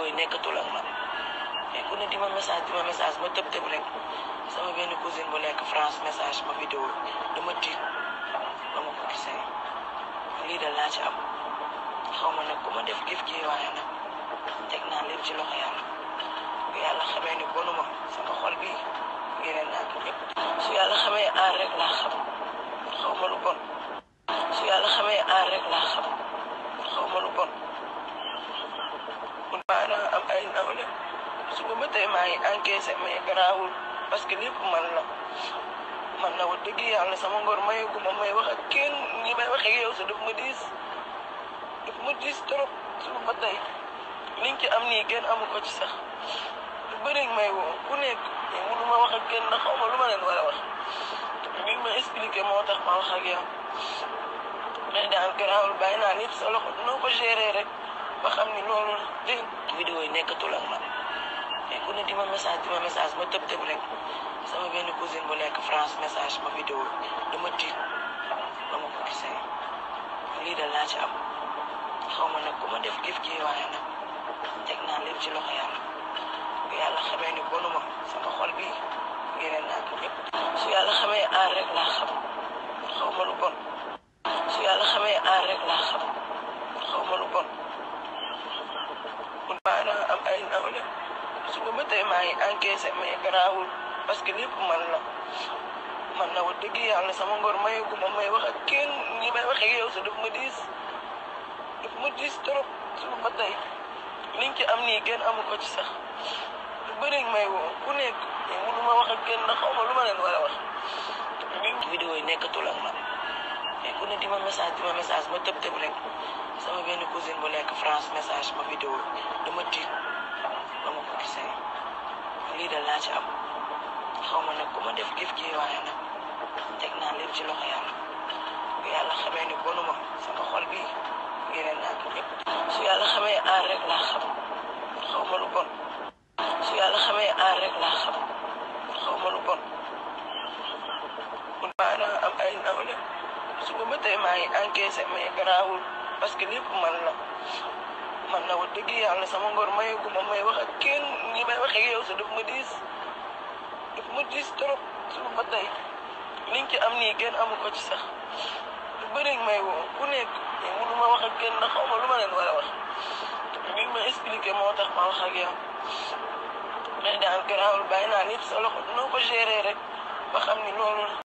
yooyu nekkatul ak man mais ku di ma message di message ma tëb tëb rek sama benn cousine bu nekk France message ma vidéo dama tiit ba ma ko gisee lii da laa ci ma nag ku ma def gif gi waaye teg naa lépp ci loxo yàlla bu yàlla xamee ni bonuma may ndaw su ko ba tey maa ngi encaissé mais garaawul parce que lépp man la man na wax dëgg yàlla sama ngor mayeeku ma may wax ak kenn ñi may wax ak yow sa daf ma diis daf ma diis trop su ba tey liñ ci am ni gën amu ko ci sax lu bëri may woo ku nekk mënu ma wax ak kenn ndax xaw ma lu ma leen war a wax bi ma expliqué moo tax ma wax ak yow mais daal garaawul bàyyi naa lépp sa loxo noo ko géré rek. ba xam ni loolu de vidéo yi nekkatul ak ma mais ku ne message di message ma tëb tëb rek sama benn cousine bu nekk France message ma vidéo dama tiit ba ma ko gisee lii da laa ma def gif gi waaye nag teg naa lépp ci loxo yàlla yàlla sama suba ba tey maa ngi encaissé mais garaawul parce que lépp man la man na la wax dëgg na sama ngor mayeeku ma may wax ak kenn ñi may wax ak yow sax daf ma diis daf ma diis trop suba ba tey liñ am nii kenn amu ko ci sax lu bëri may woo ku nekk mënu ma wax ak kenn ndax xaw ma lu ma leen war a wax. vidéo yi nekkatul ak man mais ku ne di ma message di ma message ma tëb tëb rek sama benn cousine bu nekk France message ma vidéo dama tiit. laa ci am nag ku def gif gi waaye teg naa lépp ci loxo yàlla bu yàlla xamee ni bonuma sama xol bi yeneen naa ko lépp su yàlla xamee aar rek laa xam xaw ma lu bon su yàlla xamee aar rek laa xam xaw ma lu bon maanaam am ay nawle su ba tey maa ngi encaissé mais garaawul parce que lépp man la man la wax dëgg yàlla sama ngor mayeguma may wax ak kii te daf ma diis daf ma diis trop suba ba tey liñ ci am nii kenn amu ko ci sax lu bëri may woo ku nekk mënu ma wax ak kenn ndax xaw ma lu ma leen war wax bi ma expliqué moo tax ma wax ak yow mais daal garaawul bàyyi naa lépp sa loxo dina ko gérer rek ba xam ni loolu la